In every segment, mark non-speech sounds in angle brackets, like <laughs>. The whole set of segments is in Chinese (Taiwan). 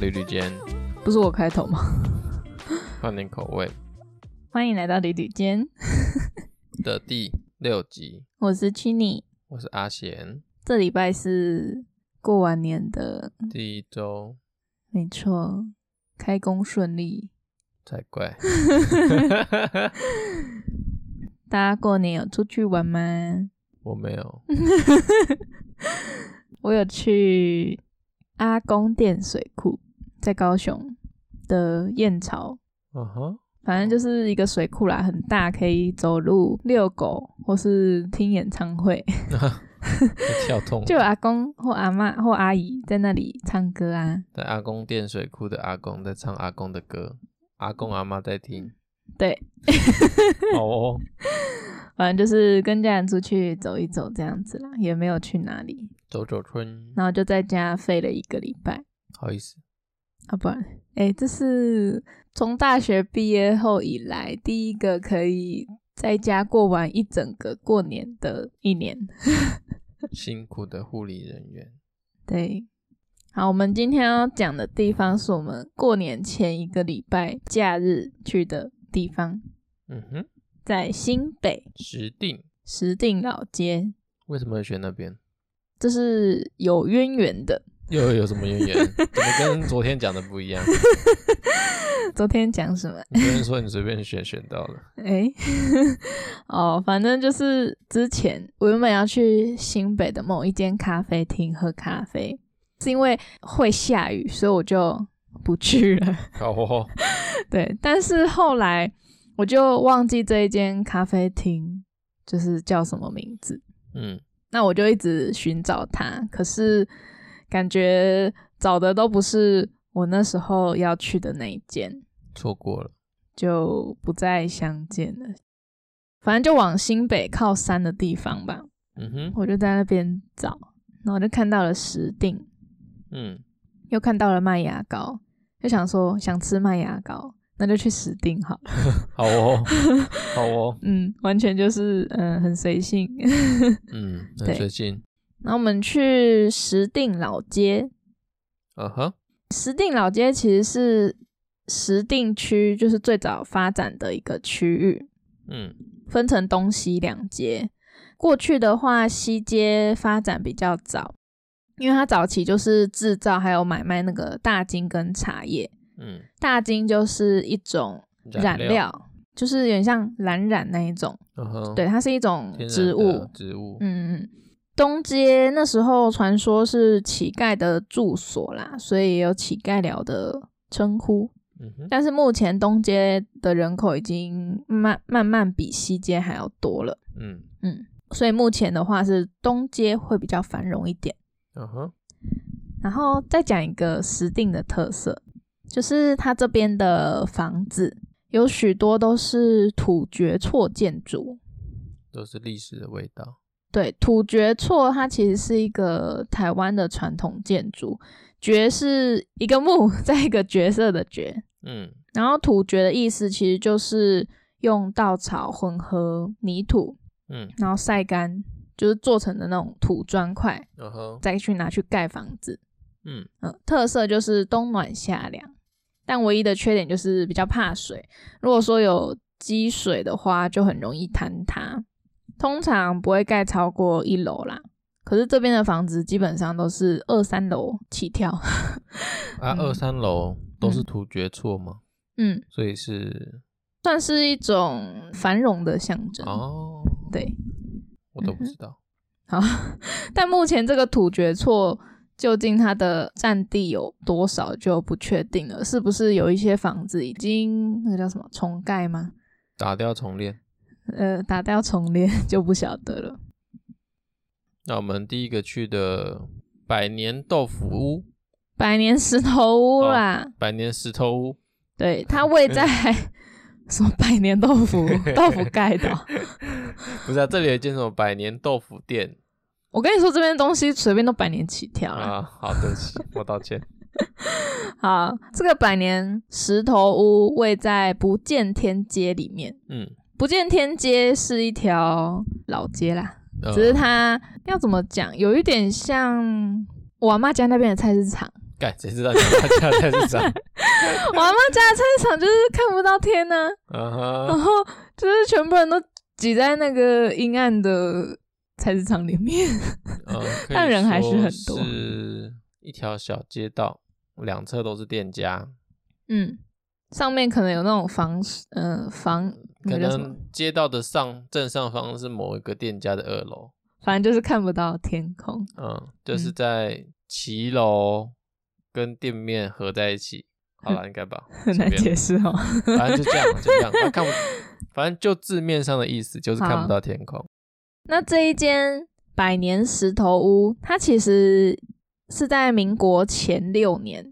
綠綠間不是我開頭嗎？換點口味。歡迎來到綠綠間的第六集。我是 Chinny，我是阿賢。這禮拜是過完年的第一周，沒錯，開工順利才怪。 <laughs> <laughs> 大家過年有出去玩嗎？我沒有， <laughs> 我有去阿公店水庫。在高雄的燕巢，嗯哼，反正就是一個水庫啦，很大，可以走路、遛狗，或是聽演唱會。 <laughs> 跳痛， <laughs> 就阿公或阿媽或阿姨在那裡唱歌啊。在阿公店水庫的阿公在唱阿公的歌，阿公阿媽在聽。對，哦 <laughs> <laughs> <laughs> 反正就是跟家人出去走一走這樣子啦，也沒有去哪裡。走走春，然後就在家廢了一個禮拜。不好意思。啊不，哎、欸，這是從大學畢業後以來第一個可以在家過完一整個過年的，一年 <laughs> 辛苦的護理人員。對，好，我們今天要講的地方是我們過年前一個禮拜假日去的地方。嗯哼，在新北石碇，石碇老街。為什麼會選那邊？這是有淵源的。又有，有什麼原因？ <laughs> 怎麼跟昨天講的不一樣，啊？ <laughs> 昨天講什麼？有人說你隨便選，選到了。哎、欸， <laughs> 哦，反正就是之前我原本要去新北的某一間咖啡廳喝咖啡，是因為會下雨，所以我就不去了。哦， <laughs> 對。但是後來我就忘記這一間咖啡廳就是叫什麼名字。嗯，那我就一直尋找它，可是。感覺找的都不是我那時候要去的那一間，錯過了就不再相見了。反正就往新北靠山的地方吧。嗯哼，我就在那邊找，然後就看到了石碇，嗯，又看到了麥芽膏，就想說想吃麥芽膏，那就去石碇好了。 <laughs> 好哦，好哦， <laughs> 嗯，完全就是嗯、呃、很隨性， <laughs> 嗯，很隨性。那我們去石碇老街。Uh -huh. 石碇老街其實是石碇區，就是最早發展的一個區域。嗯。分成東西兩街。過去的話，西街發展比較早，因為它早期就是制造還有買賣那個大金跟茶葉。嗯。大金就是一種染料，染料就是有點像藍染那一種。嗯、uh -huh. 對，它是一種植物。植物。嗯嗯。東街那時候傳說是乞丐的住所啦，所以有乞丐寮的稱呼。嗯哼，但是目前東街的人口已經慢慢慢比西街還要多了。嗯嗯，所以目前的話是東街會比較繁榮一點。嗯哼，然後再講一個石碇的特色，就是它這邊的房子有許多都是土埆厝建築，都是歷史的味道。對，土埆厝，它其實是一個台灣的傳統建築。埆是一個木，再一個角色的埆。嗯，然後土埆的意思其實就是用稻草混合泥土，嗯，然後曬乾，就是做成的那種土磚塊，uh -huh、再去拿去蓋房子，嗯嗯，特色就是冬暖夏涼，但唯一的缺點就是比較怕水，如果說有積水的話，就很容易坍塌。通常不會蓋超過一樓啦，可是這邊的房子基本上都是二三樓起跳。 <laughs> 啊、嗯，二三樓都是土埆厝嗎？嗯，所以是算是一種繁榮的象徵。哦，對，我都不知道。嗯、好，但目前這個土埆厝究竟它的占地有多少就不確定了，是不是有一些房子已經那個叫什麼重蓋嗎？打掉重練。呃，打掉重練就不曉得了。那我們第一個去的百年豆腐屋，百年石頭屋啦，哦、百年石頭屋，對，它位在什麼百年豆腐 <laughs> 豆腐蓋的、哦？不是啊，這裡有一間什麼百年豆腐店。我跟你說，這邊東西隨便都百年起跳了啊。好，對不起，我道歉。 <laughs> 好，這個百年石頭屋位在不見天街裡面。嗯。不見天街是一條老街啦，呃、只是它要怎麼講，有一點像我阿嬤家那邊的菜市場。幹，誰知道你阿嬤家的菜市場？ <laughs> <laughs> 我阿嬤家的菜市場就是看不到天呢、啊，uh -huh. 然後就是全部人都擠在那個陰暗的菜市場裡面，uh -huh. 但人還是很多。是一條小街道，兩側都是店家，嗯，上面可能有那種房，嗯、呃，房。可能街道的上正上方是某一個店家的二樓，反正就是看不到天空。嗯,就是在騎樓跟店面合在一起。嗯、好了，應該吧？很難解釋哦。反正就這樣，就這樣。看不，反正就字面上的意思就是看不到天空。那這一間百年石頭屋，它其實是在民國前六年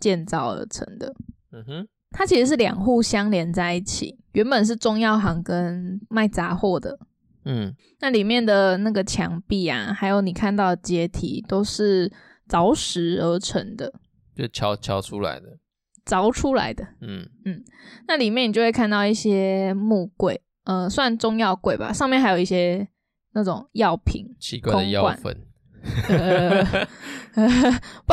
建造而成的。嗯哼，它其實是兩戶相連在一起。原本是中藥行跟賣雜貨的，嗯，那裡面的那個牆壁啊，還有你看到的階梯都是鑿石而成的，就敲敲出來的，鑿出來的，嗯嗯，那裡面你就會看到一些木櫃，呃，算中藥櫃吧，上面還有一些那種藥品，奇怪的藥粉。 <laughs> 呃呃、不知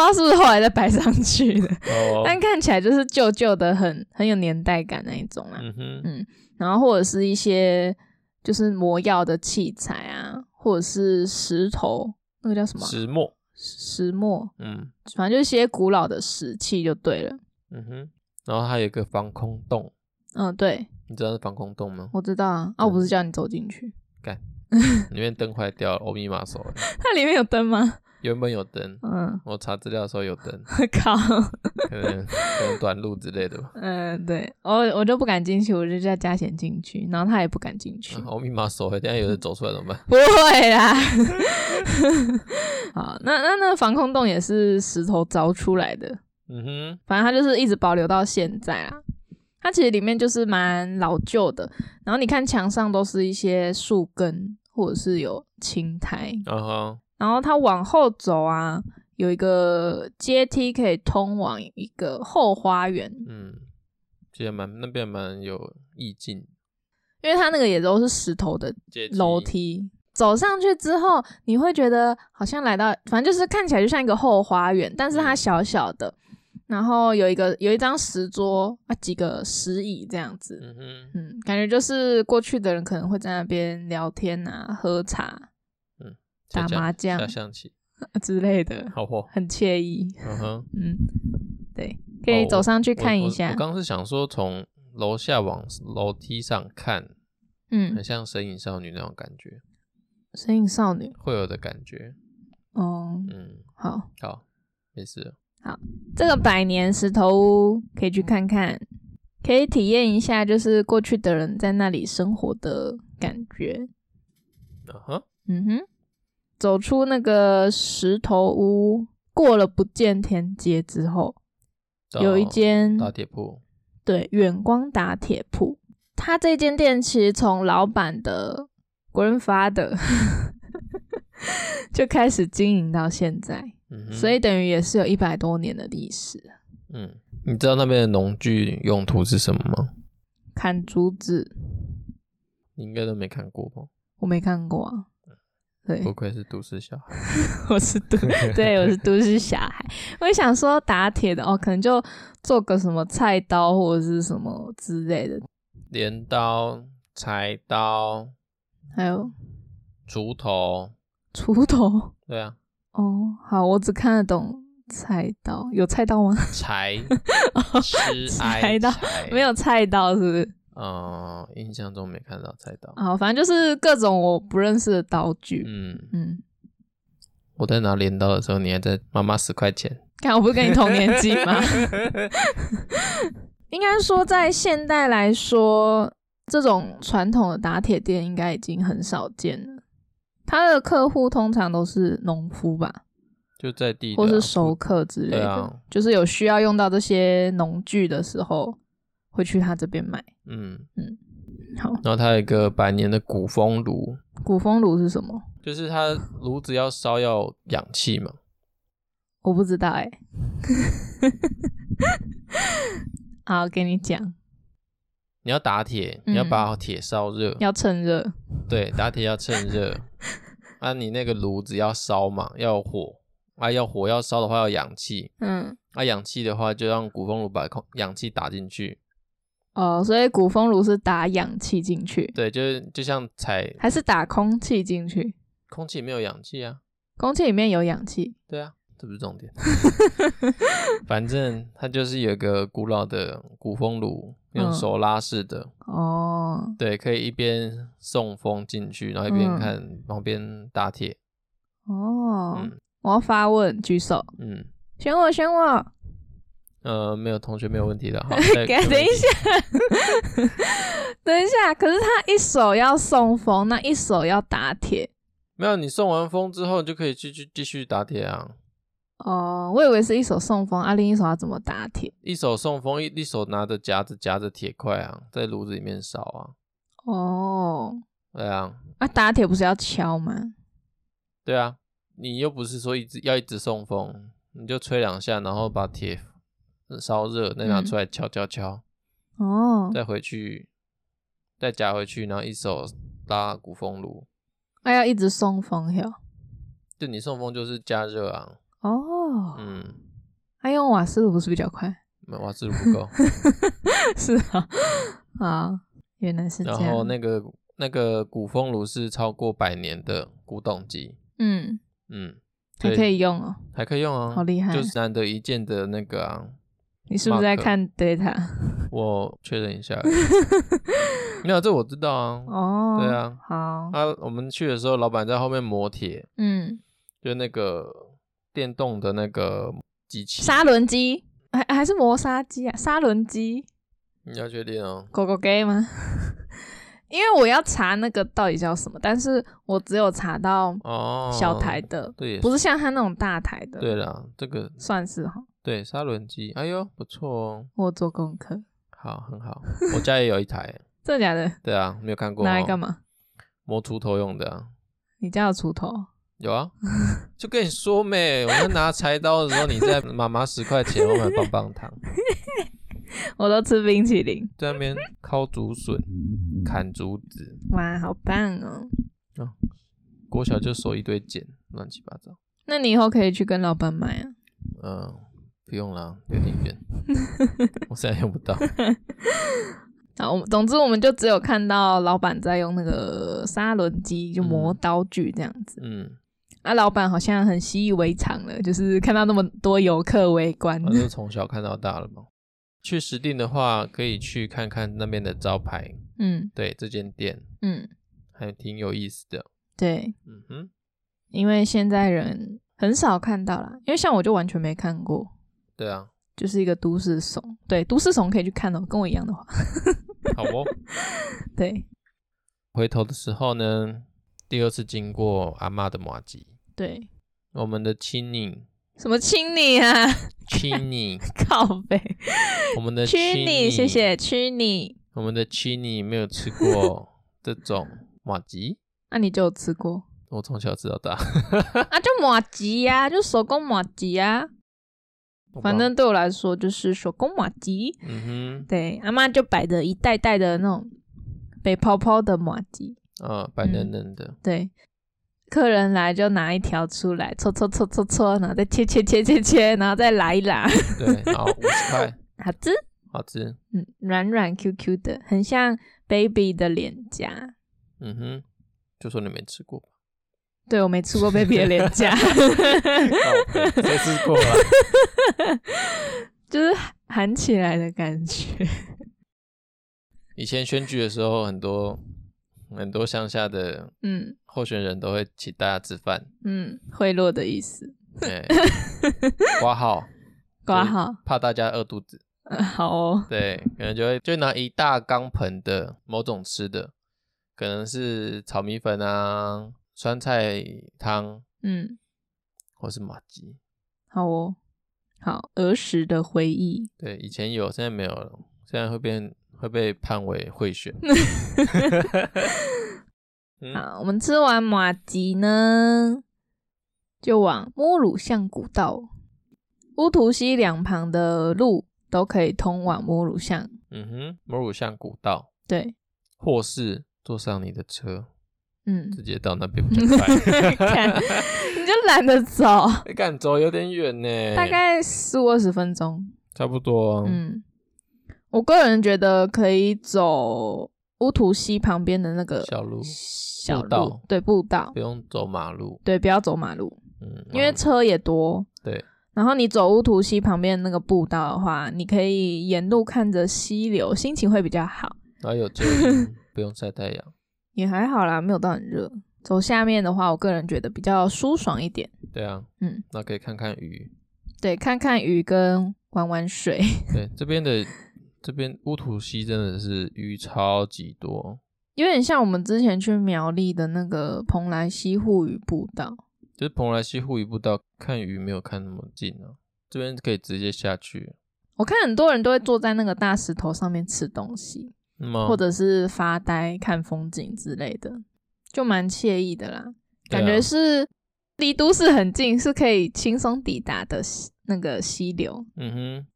道是不是後來再擺上去的，oh. 但看起來就是舊舊的很，很很有年代感那一種啊，嗯哼，嗯，然後或者是一些就是磨藥的器材啊，或者是石頭，那個叫什麼、啊？石磨。石磨。嗯，反正就是些古老的石器就對了。嗯哼，然後還有一個防空洞。嗯，對。你知道是防空洞嗎？我知道啊，那、啊嗯，不是叫你走進去？Okay. <laughs> 裡面燈壞掉了，我密碼鎖。它裡面有燈嗎？原本有燈，嗯，我查資料的時候有燈。我 <laughs> 靠有有，可能短路之類的吧。嗯、呃，對我我就不敢進去，我就在加賢進去，然後他也不敢進去。我密碼鎖會， <laughs> 哦、 <laughs> 等下有人走出來怎麼辦？不會啦。 <laughs> <laughs> 好，那那那個防空洞也是石頭鑿出來的，嗯哼，反正它就是一直保留到現在啊。它其實裡面就是蠻老舊的，然後你看牆上都是一些樹根或者是有青苔，Uh-huh. 然後它往後走啊，有一個階梯可以通往一個後花園，嗯，其實蠻那邊蠻有意境，因為它那個也都是石頭的樓梯，走上去之後你會覺得好像來到，反正就是看起來就像一個後花園，但是它小小的。嗯然後有一個有一張石桌啊，幾個石椅這樣子，嗯哼嗯，感覺就是過去的人可能會在那邊聊天啊，喝茶，嗯，打麻將、下象棋之類的，好、oh, oh.，很愜意。嗯哼，嗯，對，可以走上去看一下。Oh, 我剛是想說，從樓下往樓梯上看，嗯，很像《神隱少女》那種感覺，《神隱少女》會有的感覺。哦、oh,，嗯，好，好，沒事。好，這個百年石頭屋可以去看看，可以體驗一下，就是過去的人在那裡生活的感覺。嗯哼，嗯哼，走出那個石頭屋，過了不見天街之後，有一間打鐵鋪，對，遠光打鐵鋪。他這間店其實從老闆的 grandfather 就開始經營到現在。嗯、所以等於也是有一百多年的歷史。嗯，你知道那邊的農具用途是什麼嗎？砍竹子。你應該都沒看過吧？我沒看過、啊。對，不愧是都市小孩。 <laughs> 我是都，對我是都市小孩。 <laughs> 我也想說打鐵的哦，可能就做個什麼菜刀或者是什麼之類的。鐮刀、柴刀，還有鋤頭。鋤頭。對啊。哦、oh,，好，我只看得懂菜刀，有菜刀嗎？柴，柴 <laughs> 刀，沒有菜刀，是不是？哦、uh,，印象中沒看到菜刀。好、oh,，反正就是各種我不認識的刀具。嗯嗯，我在拿鐮刀的時候，你還在媽媽十塊錢。看，我不是跟你同年紀嗎？ <laughs> <laughs> 應該說，在現代來說，這種傳統的打鐵店應該已經很少見了。他的客戶通常都是農夫吧，就在地、啊、或是熟客之類的、啊，就是有需要用到這些農具的時候，會去他這邊買。嗯嗯，好。然後他有一個百年的古風爐。古風爐是什麼？就是他爐子要燒要氧氣嘛。我不知道哎、欸。 <laughs> 好，給你講。你要打鐵、嗯，你要把鐵燒熱。要趁熱。對，打鐵要趁熱。 <laughs> 啊，你那個爐子要燒嘛，要火啊要火，要火要燒的話要氧氣，嗯，啊，氧氣的話就讓鼓風爐把空氧氣打進去。哦，所以鼓風爐是打氧氣進去？對，就是就像才，還是打空氣進去？空氣沒有氧氣啊？空氣裡面有氧氣，啊？對啊，這不是重點。 <laughs> <laughs> 反正它就是有一個古老的鼓風爐。用手拉式的，嗯、哦，對，可以一邊送風進去，然後一邊看旁邊，嗯、打鐵。哦、嗯，我要發問，舉手，嗯，選我，選我。呃，沒有同學沒有問題的哈。 <laughs> 等一下， <laughs> 等一下。可是他一手要送風，那一手要打鐵。沒有，你送完風之後，你就可以繼續繼續打鐵啊。哦、oh,，我以為是一手送風啊，另一手要怎麼打鐵？一手送風，一一手拿着夾子夾着鐵塊啊，在爐子裡面燒啊。哦、oh,，對啊，啊打鐵不是要敲嗎？對啊，你又不是說一直要一直送風，你就吹兩下，然後把鐵燒熱，再拿出來敲敲敲。哦、嗯，再回去，再夾回去，然後一手搭鼓風爐。那、啊、要一直送風要？就你送風就是加熱啊。哦、oh?。嗯，他、啊、用瓦斯爐不是比較快？瓦斯爐不夠， <laughs> 是啊，啊，原來是這樣。然後那個那個鼓風爐是超過百年的古董機，嗯嗯，還可以用哦，還可以用哦、啊。好厲害，就是難得一見的那個啊。你是不是在看 data？我確認一下，沒有，這我知道啊。哦，對啊，好。啊，我們去的時候，老闆在後面磨鐵，嗯，就那個。電動的那個機器，砂輪機還還是磨砂機啊？砂輪機，你要決定哦。Google 嗎？ <laughs> 因為我要查那個到底叫什麼，但是我只有查到小台的，哦、對，不是像他那種大台的。對了，這個算是哈。對，砂輪機。哎呦，不錯哦。我做功課。好，很好。我家也有一台。真 <laughs> 的假的？對啊，沒有看過、哦。拿來幹嘛？磨鋤頭用的、啊。你家有鋤頭？有啊，就跟你說咩？我們拿柴刀的時候，你在媽媽十塊錢，我買棒棒糖。 <laughs> 我都吃冰淇淋，在那邊敲竹筍、砍竹子。哇，好棒哦！嗯、哦，國小就手一堆繭，亂七八糟。那你以後可以去跟老闆買啊。嗯，不用啦，有點遠。 <laughs> 我現在用不到。 <laughs> 好，我們總之我們就只有看到老闆在用那個砂輪機，就磨刀具這樣子。嗯。嗯那老闆好像很習以為常了，就是看到那麼多遊客圍觀，我、啊、是從小看到大了嘛？去石碇的話，可以去看看那邊的招牌，嗯，對，這間店，嗯，還挺有意思的，對，嗯哼。因為現在人很少看到啦，因為像我就完全沒看過，對啊，就是一個都市慫，對，都市慫可以去看哦，跟我一樣的話， <laughs> 好不、哦？對，回頭的時候呢，第二次經過阿嬤的麻糬。對，我們的青檸，什麼青檸啊？青檸， <laughs> 靠北，我們的青檸，謝謝青檸，我們的青檸沒有吃過 <laughs> 這種麻糬，那、啊、你就有吃過？我從小吃到大， <laughs> 啊，就麻糬呀，就手工麻糬呀，反正對我來說就是手工麻糬。嗯哼，對，阿嬤就擺着一袋袋的那種白泡泡的麻糬，啊，白嫩嫩的，嗯、對。客人來就拿一條出來搓搓搓搓搓，然後再切切切切切，然後再拉一拉。對，好，五十塊。好吃，好吃，嗯，軟軟 Q Q 的，很像 baby 的臉頰。嗯哼，就說你沒吃過吧。對，我沒吃過 baby 的臉頰，沒 <laughs> 吃、 <laughs> <laughs> <laughs> 哦、過啦。 <laughs> 就是喊起來的感覺。以前選舉的時候很，很多很多鄉下的，嗯。候選人都會請大家吃飯，嗯，賄賂的意思。掛、欸、號，掛 <laughs> 號，就是、怕大家餓肚子、呃。好哦，對，可能就會就拿一大鋼盆的某種吃的，可能是炒米粉啊、酸菜湯，嗯，或是麻雞。好哦，好兒時的回憶。對，以前有，現在沒有了。現在會變會被判為賄選。 <laughs> <laughs> 嗯、好，我們吃完麻糬呢，就往摸乳巷古道。烏塗溪兩旁的路都可以通往摸乳巷。嗯哼，摸乳巷古道。對，或是坐上你的車，嗯，直接到那邊比較快。 <laughs> <laughs> <laughs> 你就懶得走，你、欸、敢走有點遠呢，大概四、五、二十分鐘，差不多。嗯，我個人覺得可以走。烏塗溪旁邊的那個小路、小道，小路對步道，不用走馬路，對，不要走馬路，嗯，因為車也多，對。然後你走烏塗溪旁邊那個步道的話，你可以沿路看着溪流，心情會比較好。然後有就不用曬太陽， <laughs> 也還好啦，沒有到很熱。走下面的話，我個人覺得比較舒爽一點。對啊，嗯，那可以看看魚。對，看看魚跟玩玩水。對，這邊的。這邊烏塗溪真的是魚超級多，有點像我們之前去苗栗的那個蓬萊溪護魚步道，就是蓬萊溪護魚步道，看魚沒有看那麼近哦。這邊可以直接下去，我看很多人都會坐在那個大石頭上面吃東西，嗯、或者是發呆看風景之類的，就蠻愜意的啦。啊、感覺是離都市很近，是可以輕鬆抵達的溪那個溪流，嗯哼，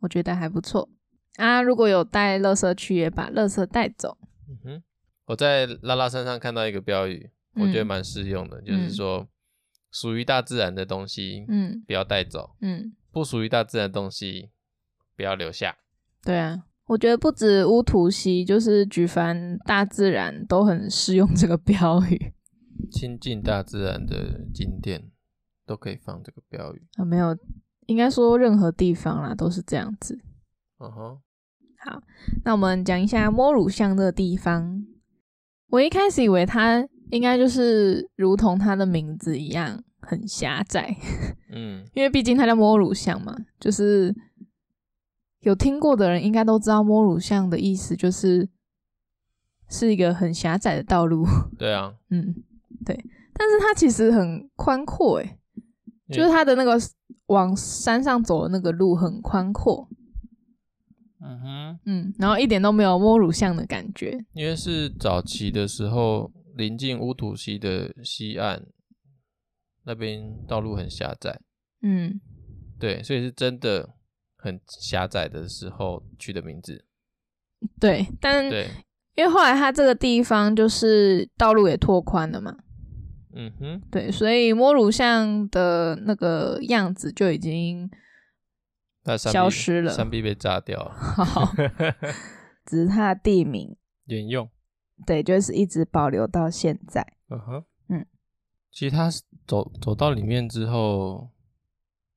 我覺得還不錯。啊，如果有帶垃圾去，也把垃圾帶走。嗯哼，我在拉拉山上看到一個標語，嗯、我覺得蠻適用的，嗯，就是說，屬於大自然的東西，嗯，不要帶走，嗯，不屬於大自然的東西，不要留下。對啊，我覺得不止烏塗溪，就是舉凡大自然都很適用這個標語。親近大自然的景點，都可以放這個標語。啊，沒有，應該說任何地方啦，都是這樣子。嗯哼。好，那我們講一下摸乳巷這個地方。我一開始以為它應該就是如同它的名字一樣，很狹窄， <laughs> 嗯，因為畢竟它叫摸乳巷嘛。就是有聽過的人應該都知道摸乳巷的意思，就是是一個很狹窄的道路。 <laughs> 對啊，嗯，對，但是它其實很寬闊誒，就是它的那個往山上走的那個路很寬闊。嗯哼，嗯，然後一點都沒有摸乳巷的感覺，因為是早期的時候，臨近烏塗溪的西岸，那邊道路很狹窄，嗯，對，所以是真的很狹窄的時候取的名字。對，但對，因為後來它這個地方就是道路也拓寬了嘛，嗯哼，對，所以摸乳巷的那個樣子就已經。三消失了，山壁被炸掉了。好，好，只是它的地名沿用，對，就是一直保留到現在。Uh -huh. 嗯哼，其他走走到裡面之後，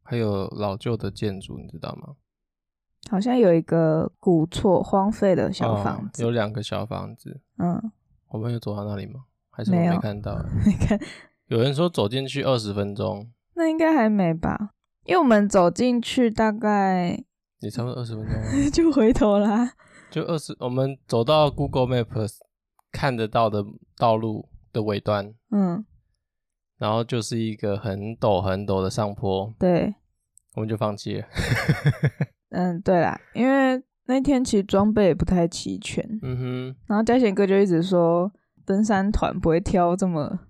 還有老舊的建築，你知道嗎？好像有一個古厝，荒廢的小房子，哦、有兩個小房子。嗯，我們有走到那裡嗎？還是我沒有沒看到？你看，有人說走進去二十分鐘，那應該還沒吧？因為我們走進去大概，你差不多二十分鐘 <laughs> 就回頭啦 <laughs> ，就二十，我們走到 Google Maps 看得到的道路的尾端，嗯，然後就是一個很陡很陡的上坡，對，我們就放棄了。 <laughs> 嗯，對啦，因為那天其實裝備也不太齊全，嗯哼，然後嘉賢哥就一直說登山團不會挑這麼。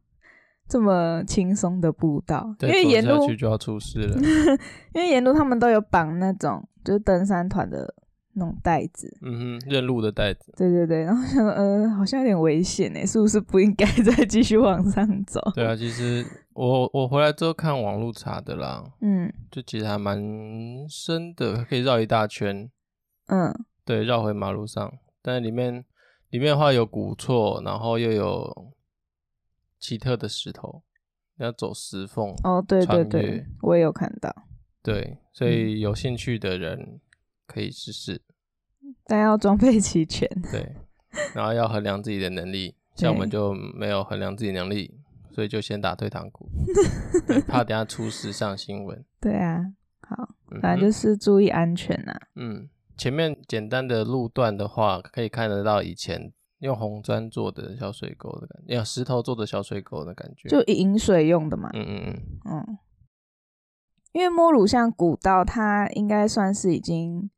這麼輕鬆的步道，對，因為沿路走下去就要出事了。 <laughs> 因為沿路他們都有綁那種就是登山團的那種袋子，嗯哼，認路的袋子。對對對，然後想，呃，好像有點危險誒，是不是不應該再繼續往上走？對啊，其實我我回來之後看網絡查的啦， <laughs> 嗯，就其實還蠻深的，可以繞一大圈，嗯，對，繞回馬路上。但是裡面裡面的話有古厝，然後又有。奇特的石頭，要走石縫哦，對對對，我也有看到。對，所以有興趣的人可以試試，嗯，但要裝備齊全。對，然後要衡量自己的能力，像我們就沒有衡量自己的能力，所以就先打退堂鼓， <laughs> 怕等下出事上新聞。 <laughs> 對啊，好，反正就是注意安全吶，啊，嗯。嗯，前面簡單的路段的話，可以看得到以前。用紅磚做的小水溝的感覺，石頭做的小水溝的感覺，就飲水用的嘛。嗯嗯嗯嗯。因為摸乳巷古道，它應該算是已經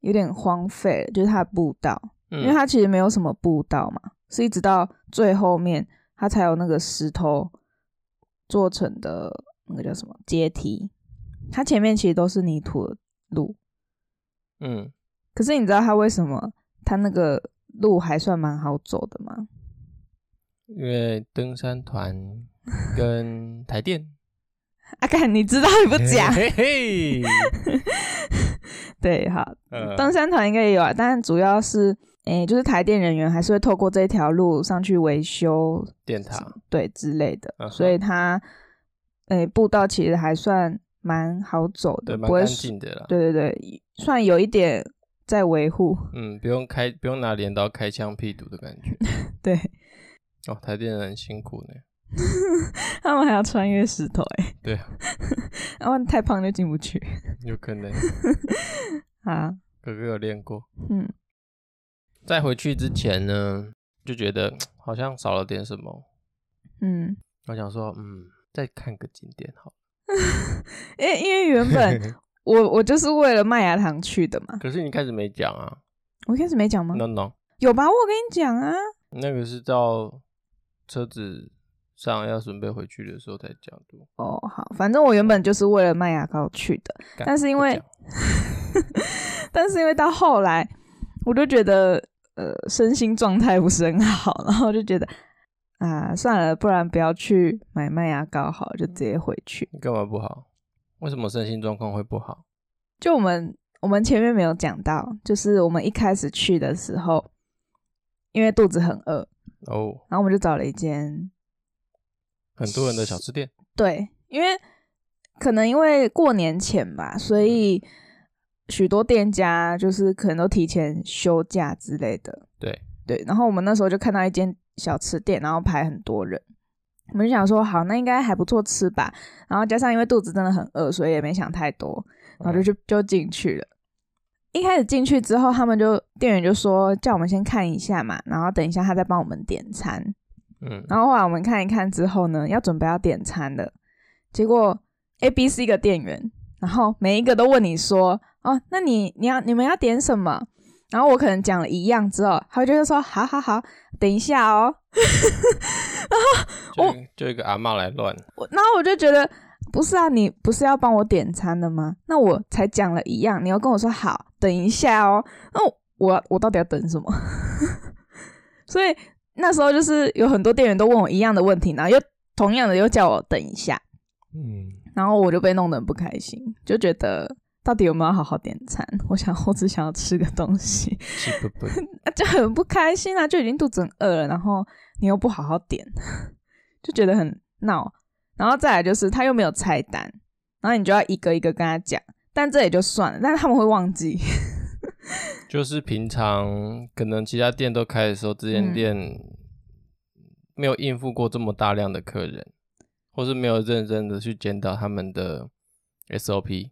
有點荒廢了，就是它的步道、嗯，因為它其實沒有什麼步道嘛，所以一直到最後面它才有那個石頭做成的那個叫什麼階梯，它前面其實都是泥土的路。嗯。可是你知道它為什麼？它那個。路還算蠻好走的嘛，因為登山團跟台電，阿、 <laughs> 啊、幹，你知道你不講，嘿嘿，嘿， <laughs> 對，好、嗯，登山團應該也有啊，但主要是，哎，就是台電人員還是會透過這條路上去維修電塔，對，之類的，嗯、所以它，哎，步道其實還算蠻好走的，蠻安靜的啦，對對對，算有一點。在維護，嗯，不用開，不用拿鎌刀開槍闢毒的感覺， <laughs> 對。哦，台電人很辛苦呢， <laughs> 他們還要穿越石頭哎，對 <laughs> 啊，他們太胖就進不去，有 <laughs> 可能。啊 <laughs> 哥哥有練過，嗯，在回去之前呢，就覺得好像少了點什麼，嗯，我想說，嗯，再看個景點好了，因 <laughs> 為因為原本 <laughs> 。我我就是為了麥芽糖去的嘛。可是你開始沒講啊。我一開始沒講嗎？No No。有吧，我跟你講啊。那個是到車子上要準備回去的時候才講的。哦，好，反正我原本就是為了麥芽膏去的，但是因為， <laughs> 但是因為到後來，我就覺得呃身心狀態不是很好，然後我就覺得啊、呃、算了，不然不要去買麥芽膏好，就直接回去。你幹嘛不好？為什麼身心狀況會不好？就我們我們前面沒有講到，就是我們一開始去的時候，因為肚子很餓哦，oh, 然後我們就找了一間很多人的小吃店。對，因為可能因為過年前吧，所以許多店家就是可能都提前休假之類的。對對，然後我們那時候就看到一間小吃店，然後排很多人。我們就想說，好，那應該還不錯吃吧。然後加上因為肚子真的很餓，所以也沒想太多，然後就就就進去了。嗯。一開始進去之後，他們就店員就說叫我們先看一下嘛，然後等一下他再幫我們點餐。嗯，然後後來我們看一看之後呢，要準備要點餐了，結果 A、B、C 一個店員，然後每一個都問你說：“哦，那你你要你們要點什麼？”然後我可能講了一樣之後，他就說：“好好好，等一下哦。 <laughs> ”然後我就，就一個阿嬤來亂我，然後我就覺得不是啊，你不是要幫我點餐的嗎？那我才講了一樣，你又跟我說好等一下哦？那我我，我到底要等什麼？ <laughs> 所以那時候就是有很多店員都問我一樣的問題，然後又同樣的又叫我等一下。嗯，然後我就被弄得很不開心，就覺得。到底有沒有好好點餐？我想我只想要吃個東西， <laughs> 就很不開心啊！就已經肚子很餓了，然後你又不好好點，就覺得很鬧。然後再來就是他又沒有菜單，然後你就要一個一個跟他講，但這也就算了。但是他們會忘記， <laughs> 就是平常可能其他店都開的時候，這間店沒有應付過這麼大量的客人，或是沒有認真的去檢討他們的 SOP。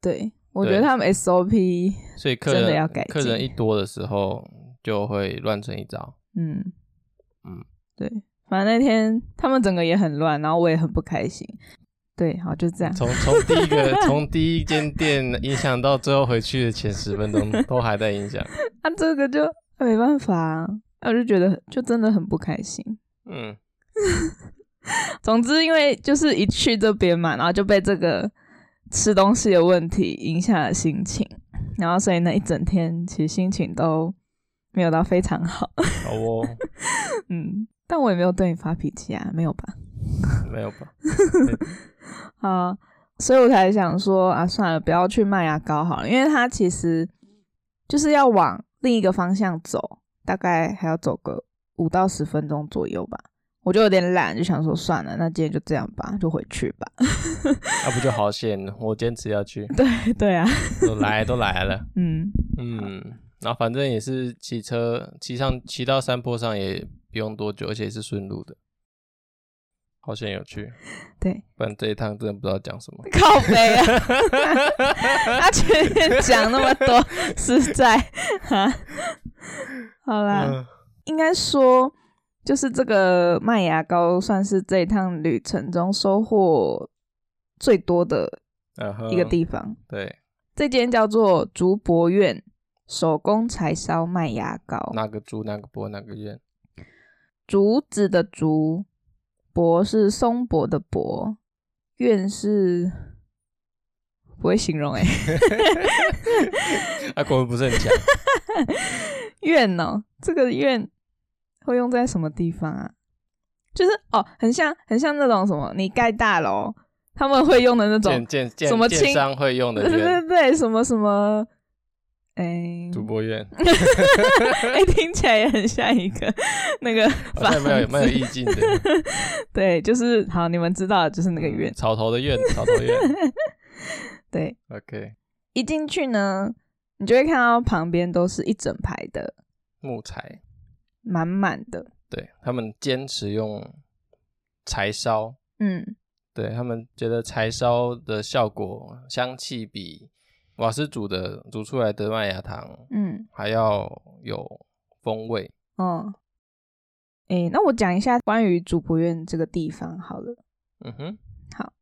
對，我覺得他們 SOP 所以客人要改，客人一多的時候就會亂成一招。嗯嗯，對，反正那天他們整個也很亂，然後我也很不開心。對，好，就這樣。從從第一個，從 <laughs> 第一間店影響到最後回去的前十分鐘 <laughs> 都還在影響。 <laughs> 啊，這個就沒辦法啊，我就覺得就真的很不開心。嗯， <laughs> 總之因為就是一去這邊嘛，然後就被這個。吃東西有問題，影響了心情，然後所以那一整天其實心情都沒有到非常好，好。哦， <laughs> 嗯，但我也沒有對你發脾氣啊，沒有吧？ <laughs> 沒有吧？啊， <laughs> 所以我才想說啊，算了，不要去麥芽膏好了，因為它其實就是要往另一個方向走，大概還要走個五到十分鐘左右吧。我就有點懶，就想說算了，那今天就這樣吧，就回去吧。那、 <laughs> 啊、不就好險？我堅持要去。對對啊，嗯、都來了都來了，嗯嗯。然後反正也是騎車，騎上騎到山坡上也不用多久，而且是順路的，好險有趣。對，不然這一趟真的不知道講什麼，靠北啊， <laughs> <laughs> 他前面講那麼多， <laughs> 實在哈。好啦，嗯、應該說。就是這個麥芽膏算是這趟旅程中收穫最多的，一個地方。Uh -huh, 對，這間叫做竹柏苑手工柴燒麥芽膏。那個竹？那個柏？那個苑。竹子的竹，柏是松柏的柏，苑是不會形容哎、欸， <laughs> <laughs> 啊，國文不是很強。 <laughs> 苑哦、喔，這個苑。會用在什麼地方啊？就是哦，很像很像那種什麼，你蓋大樓他們會用的那種什麼？建商會用的對對對，什麼什麼？誒、欸、主播院哎、 <laughs> 欸，聽起來也很像一個 <laughs> 那個，沒有蠻有意境的。 <laughs> 對，就是好，你們知道，就是那個院草頭的院草頭院。 <laughs> 對，OK，一進去呢，你就會看到旁邊都是一整排的木材。滿滿的，對，他們堅持用柴燒，嗯，對，他們覺得柴燒的效果、香氣比瓦斯煮的煮出來的麥芽糖，嗯，還要有風味，嗯、哦，哎、欸，那我講一下關於竹柏苑這個地方好了，嗯哼，好，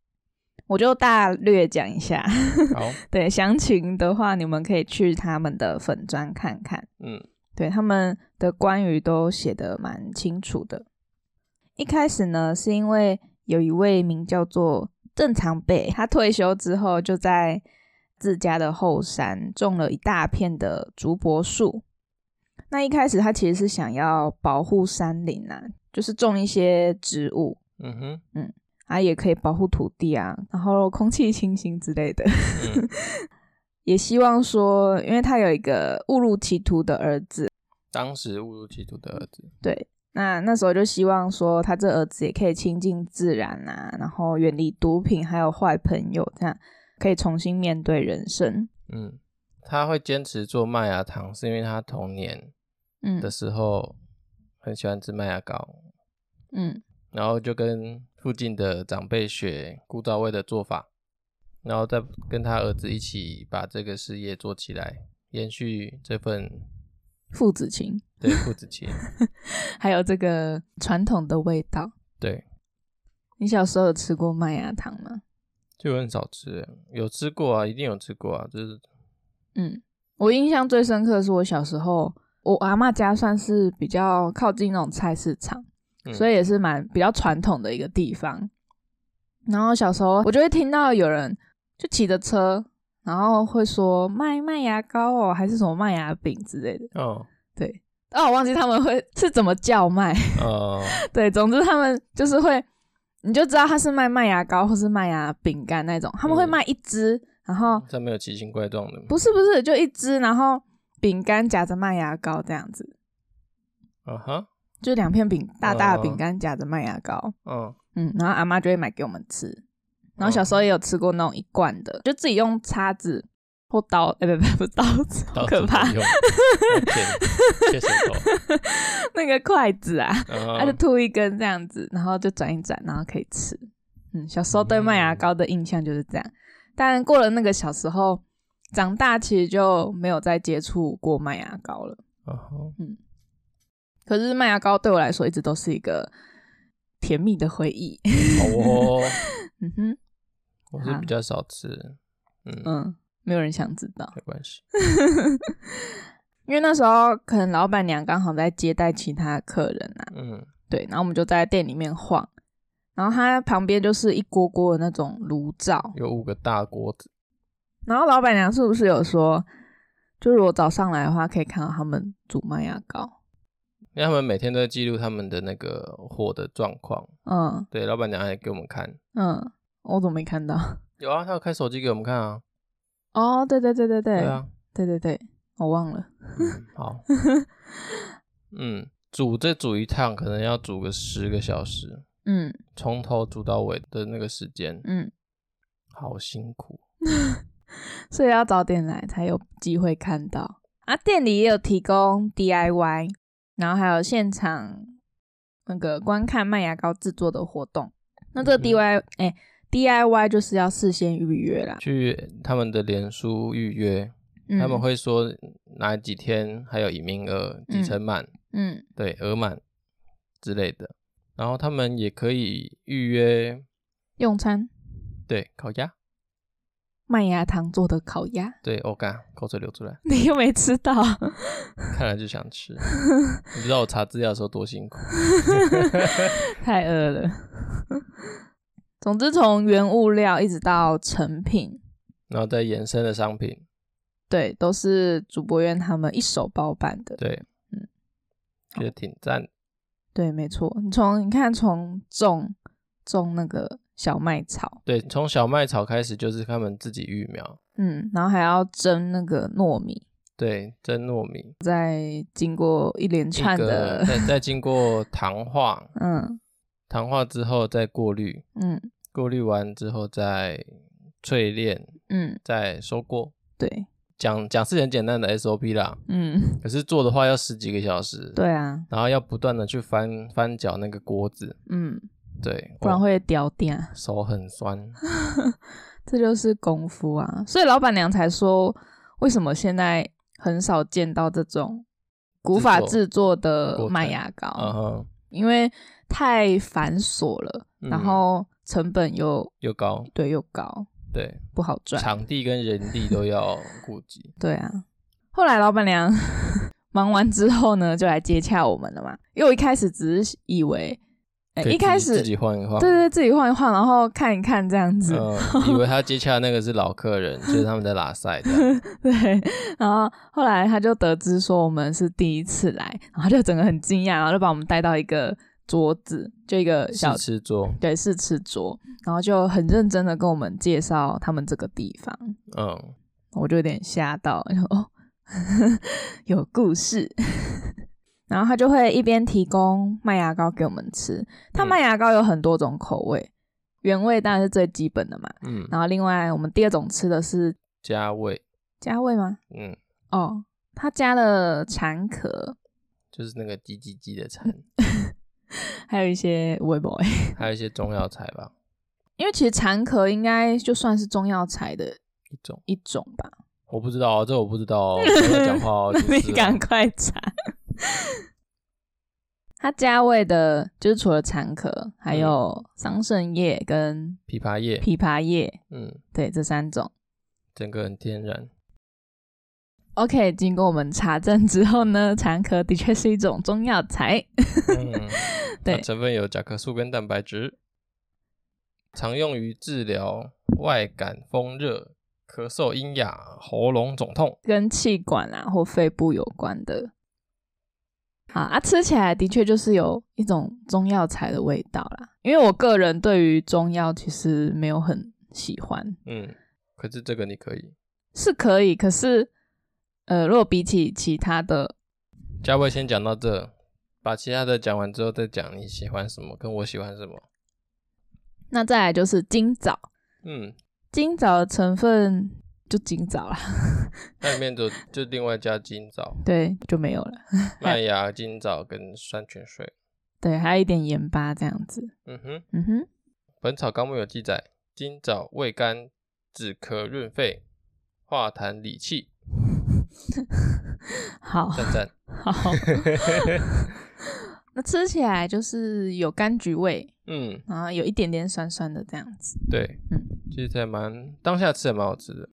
我就大略講一下， <laughs> 好，對，詳情的話你們可以去他們的粉專看看，嗯。對他們的關於都寫得蠻清楚的。一開始呢，是因為有一位名叫做鄭長貝，他退休之後就在自家的後山種了一大片的竹柏樹。那一開始他其實是想要保護山林啊，就是種一些植物，嗯哼，嗯，啊，也可以保護土地啊，然後空氣清新之類的。嗯也希望說，因為他有一個誤入歧途的兒子，當時誤入歧途的兒子，對，那那時候就希望說，他這兒子也可以親近自然啊，然後遠離毒品，還有壞朋友，這樣可以重新面對人生。嗯，他會堅持做麥芽糖，是因為他童年嗯的時候很喜歡吃麥芽糕，嗯，然後就跟附近的長輩學古早味的做法。然後再跟他兒子一起把這個事業做起來，延續這份父子情，對父子情， <laughs> 還有這個傳統的味道。對，你小時候有吃過麥芽糖嗎？就很少吃，有吃過啊，一定有吃過啊，就是，嗯，我印象最深刻的是我小時候，我阿嬤家算是比較靠近那種菜市場、嗯，所以也是蠻比較傳統的一個地方。然後小時候我就會聽到有人。就騎着車，然後會說賣麥芽膏哦，還是什麼麥芽餅之類的。Oh. 哦，對，但我忘記他們會是怎麼叫賣。哦、oh. <laughs> 對，總之他們就是會，你就知道他是賣麥芽膏或是麥芽餅乾那種。他們會賣一支、嗯，然後上面有奇形怪狀的嘛。不是不是，就一支，然後餅乾夾着麥芽膏這樣子。啊哈，就兩片餅，大大的餅乾夾着麥芽膏。嗯、oh. oh. 嗯，然後阿嬤就會買給我們吃。然後小時候也有吃過那種一罐的，okay. 就自己用叉子或刀，哎、欸，不不，不刀子，刀子可怕， <laughs> 填填 <laughs> 那個筷子啊，uh -huh. 它就吐一根這樣子，然後就轉一轉，然後可以吃。嗯，小時候對麥芽膏的印象就是這樣，uh -huh. 但過了那個小時候，長大其實就沒有再接觸過麥芽膏了。嗯、uh -huh. 嗯，可是麥芽膏對我來說一直都是一個甜蜜的回憶。哦、uh -huh.， <laughs> oh -oh. <laughs> 嗯哼。我是比較少吃嗯，嗯，沒有人想知道，沒關係， <laughs> 因為那時候可能老闆娘剛好在接待其他客人啊，嗯，對，然後我們就在店裡面晃，然後它旁邊就是一鍋鍋的那種爐灶，有五個大鍋子，然後老闆娘是不是有說？就是我早上來的話，可以看到他們煮麥芽膏，因為他們每天都在記錄他們的那個火的狀況，嗯，對，老闆娘還給我們看，嗯。我怎麼沒看到？有啊，他有開手機給我們看啊。哦、oh，對對對對對，對啊，對對對，我忘了。好， <laughs> 嗯，煮這煮一趟可能要煮個十個小時，嗯，從頭煮到尾的那個時間，嗯，好辛苦， <laughs> 所以要早點來才有機會看到啊。店裡也有提供 DIY，然後還有現場那個觀看麥芽膏制作的活動。那這個 DIY，哎、嗯。欸 DIY 就是要事先預約啦，去他們的臉書預約，嗯，他們會說哪幾天還有以名額、幾成滿、嗯，嗯，對，額滿之類的。然後他們也可以預約用餐，對，烤鴨，麥芽糖做的烤鴨，對，我幹，口水流出來，你又沒吃到， <laughs> 看來就想吃， <laughs> 你不知道我查資料的時候多辛苦， <laughs> 太餓了。 <laughs> 總之，從原物料一直到成品，然後再延伸的商品，對，都是竹柏苑他們一手包辦的。對，嗯，覺得挺贊。對，沒錯。你從你看從種種那個小麥草，對，從小麥草開始就是他們自己育苗，嗯，然後還要蒸那個糯米，對，蒸糯米，再經過一連串的， <laughs> 再再經過糖化，嗯，糖化之後再過濾，嗯。過濾完之後再淬煉，嗯，再收鍋，對，講講是很簡單的 SOP 啦，嗯，可是做的話要十幾個小時，對、嗯、啊，然後要不斷的去翻翻攪那個鍋子，嗯，對，不然會掉澱，手很酸， <laughs> 這就是功夫啊，所以老闆娘才說，為什麼現在很少見到這種古法製作的麥芽膏、嗯，因為太繁瑣了，然後、嗯。成本又又高，對，又高，對，不好賺。場地跟人力都要顧及。 <laughs> 對啊，後來老闆娘 <laughs> 忙完之後呢，就來接洽我們了嘛。因為我一開始只是以為，欸、以一開始自己換一換，對，對對，自己換一換，然後看一看這樣子。嗯、以為他接洽的那個是老客人， <laughs> 就是他們在喇賽的。 <laughs> 對，然後後來他就得知說我們是第一次來，然後就整個很驚訝，然後就把我們帶到一個。桌子就一個小吃桌，對，是吃桌，然後就很認真的跟我們介紹他們這個地方。嗯、oh.，我就有點嚇到，然後 <laughs> 有故事。 <laughs> 然後他就會一邊提供麥芽膏給我們吃，他麥芽膏有很多種口味、嗯，原味當然是最基本的嘛。嗯，然後另外我們第二種吃的是加味，加味嗎？嗯，哦、oh,，他加了蟬殼，就是那個嘰嘰嘰的蟬。 <laughs> <laughs> 還有一些 way 還有一些中藥材吧， <laughs> 因為其實蟬殼應該就算是中藥材的一種一種吧。我不知道、啊，這我不知道、啊，不要講話。你趕快查。 <laughs> <laughs> 它加味的就是除了蟬殼，還有桑葚葉跟枇杷葉、枇杷葉，嗯，對，這三種，整個很天然。OK，經過我們查證之後呢，蟬殼的確是一種中藥材。嗯、 <laughs> 對，它成分有甲殼素跟蛋白質，常用於治療外感風熱、咳嗽、音啞、喉嚨腫痛，跟氣管啊或肺部有關的。好啊，吃起來的確就是有一種中藥材的味道啦。因為我個人對於中藥其實沒有很喜歡。嗯，可是這個你可以？是可以，可是。呃，如果比起其他的，加味先講到這，把其他的講完之後再講你喜歡什麼，跟我喜歡什麼。那再來就是金棗。嗯，金棗的成分就金棗了，那裡面就就另外加金棗。 <laughs> 對，就沒有了。麥芽、 <laughs> 金棗跟山泉水。對，還有一點鹽巴這樣子。嗯哼，嗯哼，《本草綱目》有記載，金棗味甘，止咳潤肺，化痰理氣。 <laughs> 好，讚讚好 <laughs> <laughs> 那吃起來就是有柑橘味，嗯，啊，有一點點酸酸的這樣子，對，嗯，其實還蠻當下吃也蠻好吃的。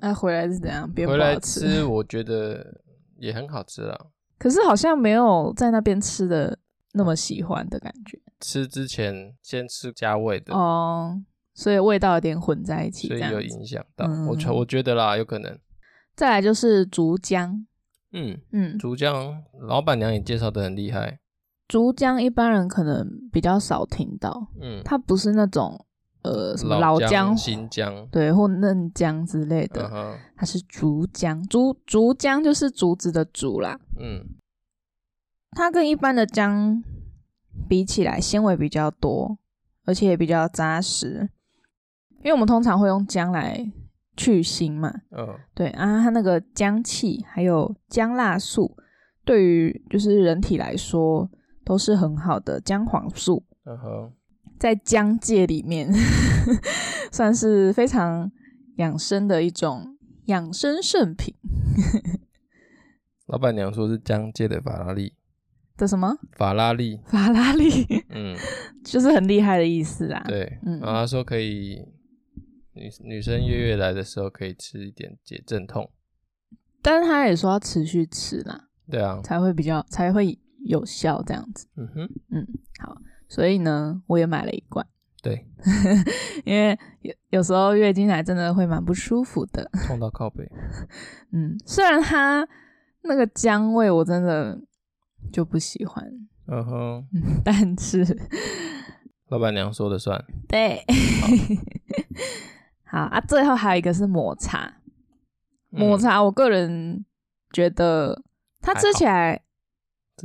那、啊、回來是怎樣？別回來不吃，吃、嗯、我覺得也很好吃啊。可是好像沒有在那邊吃的那麼喜歡的感覺、嗯。吃之前先吃加味的哦，所以味道有點混在一起，所以有影響到、嗯、我，我覺得啦，有可能。再來就是竹薑，嗯嗯，竹薑老闆娘也介紹得很厲害。竹薑一般人可能比較少聽到，嗯，它不是那種呃薑什麼老薑、新薑，對，或嫩薑之類的，啊、它是竹薑，竹竹薑就是竹子的竹啦，嗯，它跟一般的薑比起來，纖維比較多，而且也比較扎實，因為我們通常會用薑來。去腥嘛，嗯、哦，對啊，它那個薑氣還有薑辣素，對於就是人體來說都是很好的薑黃素。嗯哼，在薑界裡面呵呵算是非常養生的一種養生聖品。 <laughs> 老闆娘說是薑界的法拉利的什麼？法拉利，法拉利， <laughs> 嗯，就是很厲害的意思啊。對，嗯，然後他說可以。女女生月月來的時候可以吃一點解鎮痛，但是她也說要持續吃啦，對啊，才會比較才會有效這樣子。嗯哼，嗯，好，所以呢，我也買了一罐。對， <laughs> 因為有有時候月經來真的會蠻不舒服的，痛到靠背。嗯，雖然她那個薑味我真的就不喜歡，嗯哼，uh-huh，但是老闆娘說的算。對。好啊，最後還有一個是抹茶，抹茶我個人覺得它吃起來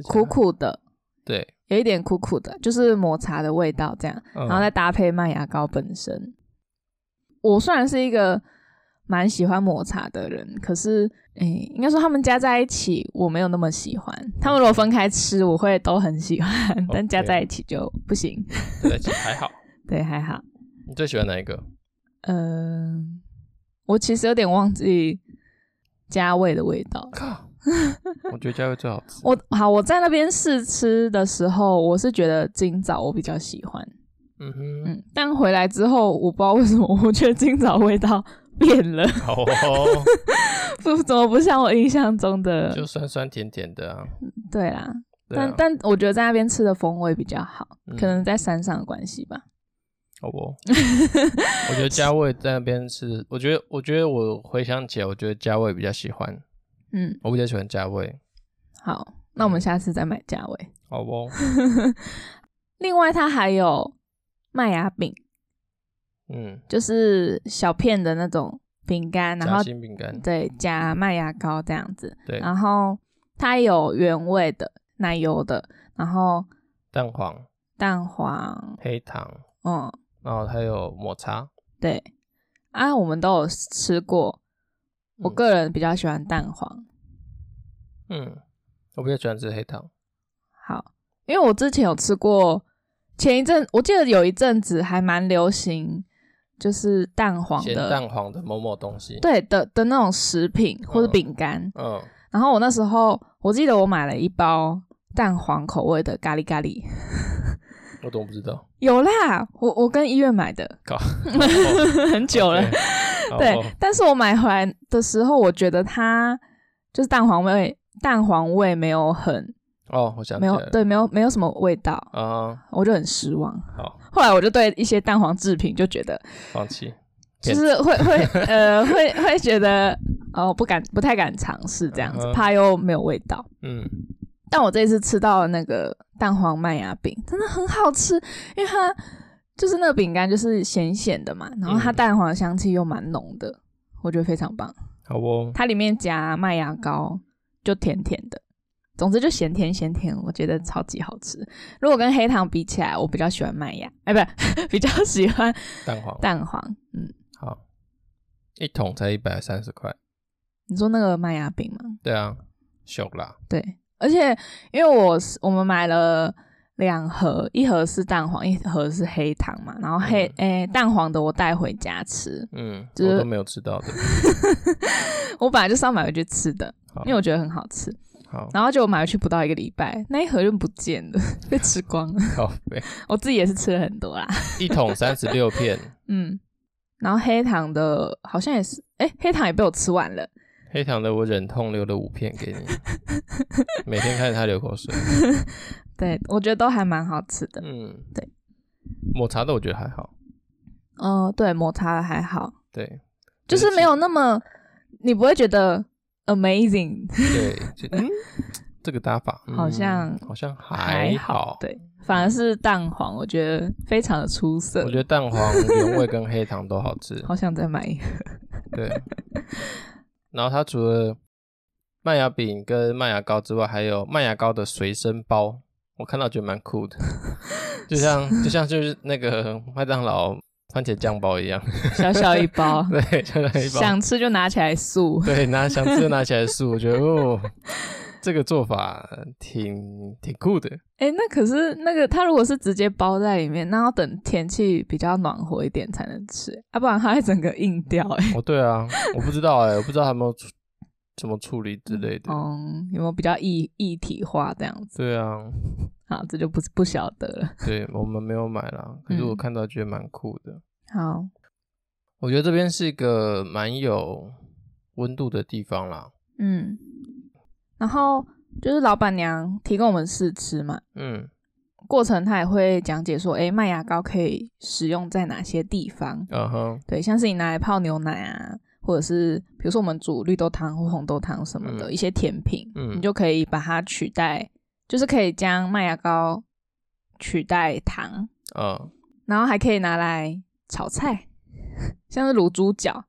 苦苦的，嗯，對，有一點苦苦的，就是抹茶的味道這樣，嗯啊，然後再搭配麥芽膏本身。我雖然是一個蠻喜歡抹茶的人，可是哎、欸，應該說他們加在一起，我沒有那麼喜歡。Okay. 他們如果分開吃，我會都很喜歡，okay. 但加在一起就不行。對，還好， <laughs> 對，還好。你最喜歡哪一個？嗯，我其實有點忘記加味的味道。我覺得加味最好吃。 <laughs> 我好，我在那邊試吃的時候，我是覺得今早我比較喜歡。嗯哼，嗯但回來之後，我不知道為什麼，我覺得今早味道變了。哦， <laughs> 不怎麼不像我印象中的，就酸酸甜甜的、啊、對啦。對啊、但但我覺得在那邊吃的風味比較好，嗯、可能在山上的關係吧。好不？ <laughs> 我覺得加味在那邊是，我覺得，我覺得我回想起來，我覺得加味比較喜歡。嗯，我比較喜歡加味。好，那我們下次再買加味。嗯。好不？ <laughs> 另外，它還有麥芽餅，嗯，就是小片的那種餅乾，然後夾心餅乾。對，加麥芽糕這樣子。對，然後它有原味的、奶油的，然後蛋黃、蛋黃、黑糖，嗯。然後還有抹茶，對啊，我們都有吃過。我個人比較喜歡蛋黃。嗯，嗯，我比較喜歡吃黑糖。好，因為我之前有吃過，前一陣我記得有一陣子還蠻流行，就是蛋黃的蛋黃的某某東西，對的的那種食品或是餅乾。嗯，嗯。然後我那時候我記得我買了一包蛋黃口味的咖喱咖喱。 <laughs> 我都不知道，有啦，我我跟醫院買的，oh. <laughs> 很久了，okay. oh. 對，但是我買回來的時候，我覺得它就是蛋黃味，蛋黃味沒有很哦，oh, 我想沒有，對，沒有沒有什麼味道啊，uh -huh. 我就很失望。好，oh.，後來我就對一些蛋黃製品就覺得放棄，就是會會呃會會覺得 <laughs> 哦不敢不太敢嘗試這樣子，uh -huh. 怕又沒有味道，嗯。但我這次吃到了那個蛋黃麥芽餅真的很好吃，因為它就是那個餅乾，就是鹹鹹的嘛，然後它蛋黃的香氣又蠻濃的，嗯，我覺得非常棒。好哦，它裡面加麥芽膏就甜甜的，總之就鹹甜鹹甜，我覺得超級好吃。如果跟黑糖比起來，我比較喜歡麥芽，哎，不， <laughs> 比較喜歡蛋黃、蛋黃。蛋黃，嗯，好，一桶才一百三十塊。你說那個麥芽餅嗎？對啊，秀啦。對。而且，因為我是我們買了兩盒，一盒是蛋黃，一盒是黑糖嘛。然後黑誒、嗯欸，蛋黃的我帶回家吃，嗯，就是我都沒有吃到的。 <laughs> 我本來就是要買回去吃的，因為我覺得很好吃。好，然後就買回去不到一個禮拜，那一盒就不見了，被 <laughs> 吃光了。好，對，我自己也是吃了很多啦，一桶三十六片， <laughs> 嗯，然後黑糖的好像也是，誒、欸，黑糖也被我吃完了。黑糖的我忍痛留了五片給你，每天看着他流口水。 <laughs> 對，我覺得都還蠻好吃的。嗯，對。抹茶的我覺得還好。哦、呃，對，抹茶的還好。對，就是沒有那麼，你不會覺得 amazing。對， <laughs> 嗯、這個搭法、嗯、好像好，好像還好。對，反而是蛋黃、嗯，我覺得非常的出色。我覺得蛋黃原味跟黑糖都好吃。 <laughs> 好想再買一盒。對。對然後它除了麥芽餅跟麥芽膏之外，還有麥芽膏的隨身包，我看到覺得蠻酷的， <laughs> 就像就像就是那個麥當勞番茄醬包一樣，小小一包， <laughs> 對，小小一包，想吃就拿起來素，對，拿想吃就拿起來素， <laughs> 我覺得哦。這個做法挺挺酷的，哎、欸，那可是那個它如果是直接包在裡面，那要等天氣比較暖和一點才能吃，啊，不然它會整個硬掉。哎，哦，對啊，我不知道，哎， <laughs> 我不知道有沒有處怎麼處理之類的，嗯，有沒有比較液液體化這樣子？對啊，好，這就不不曉得了。對，我們沒有買啦，可是我看到覺得蠻酷的，嗯。好，我覺得這邊是一個蠻有溫度的地方啦。嗯。然後就是老闆娘提供我們試吃嘛，嗯，過程她也會講解說，誒，麥芽膏可以使用在哪些地方？嗯哼，對，像是你拿來泡牛奶啊，或者是比如說我們煮綠豆湯或紅豆湯什麼的、嗯、一些甜品，嗯，你就可以把它取代，就是可以將麥芽膏取代糖，嗯、Uh-huh.，然後還可以拿來炒菜，像是滷豬腳，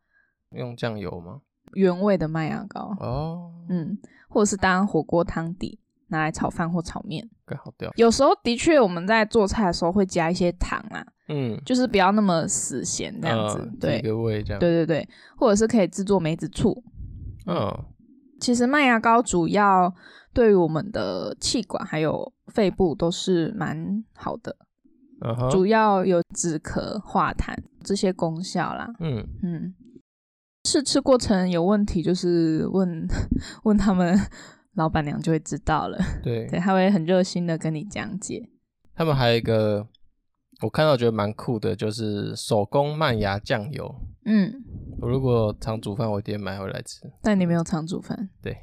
用醬油嗎？原味的麥芽膏哦，oh. 嗯。或者是當火鍋湯底，拿來炒飯或炒麵，該好掉。有時候的確，我們在做菜的時候會加一些糖啊，嗯，就是不要那麼死鹹這樣子，哦、對，對對對，或者是可以製作梅子醋。嗯、哦，其實麥芽膏主要對於我們的氣管還有肺部都是蠻好的，哦、主要有止咳化痰這些功效啦。嗯嗯。試吃過程有問題，就是問問他們，老闆娘就會知道了。對，對，他會很熱心的跟你講解。他們還有一個，我看到覺得蠻酷的，就是手工麥芽醬油。嗯，我如果常煮飯，我一定買回來吃。但你沒有常煮飯。對。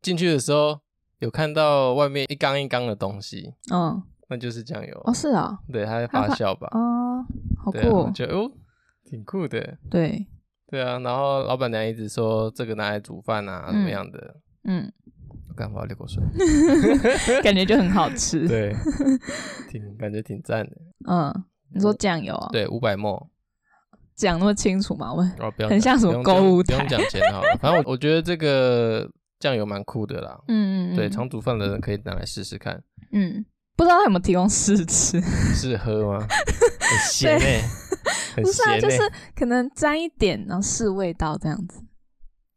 進去的時候，有看到外面一缸一缸的東西。嗯、哦。那就是醬油。哦，是啊、哦。對，它會發酵吧發。哦，好酷、哦！我覺得哦，挺酷的。對。對啊，然後老闆娘一直說這個拿來煮飯啊，怎、嗯、麼樣的？嗯，我敢喝流口水， <laughs> <laughs> 感覺就很好吃。對，挺感覺挺讚的。嗯，你說醬油啊？對，五百 ml，講那麼清楚嗎？我、哦，很像什麼購物？不用講錢好了， <laughs> 反正我我覺得這個醬油蠻酷的啦。嗯，嗯，嗯對，常煮飯的人可以拿來試試看。嗯，不知道他有沒有提供試吃？試喝嗎？很鹹哎。欸、 <laughs> 不是啊，就是可能沾一點，然後試味道這樣子。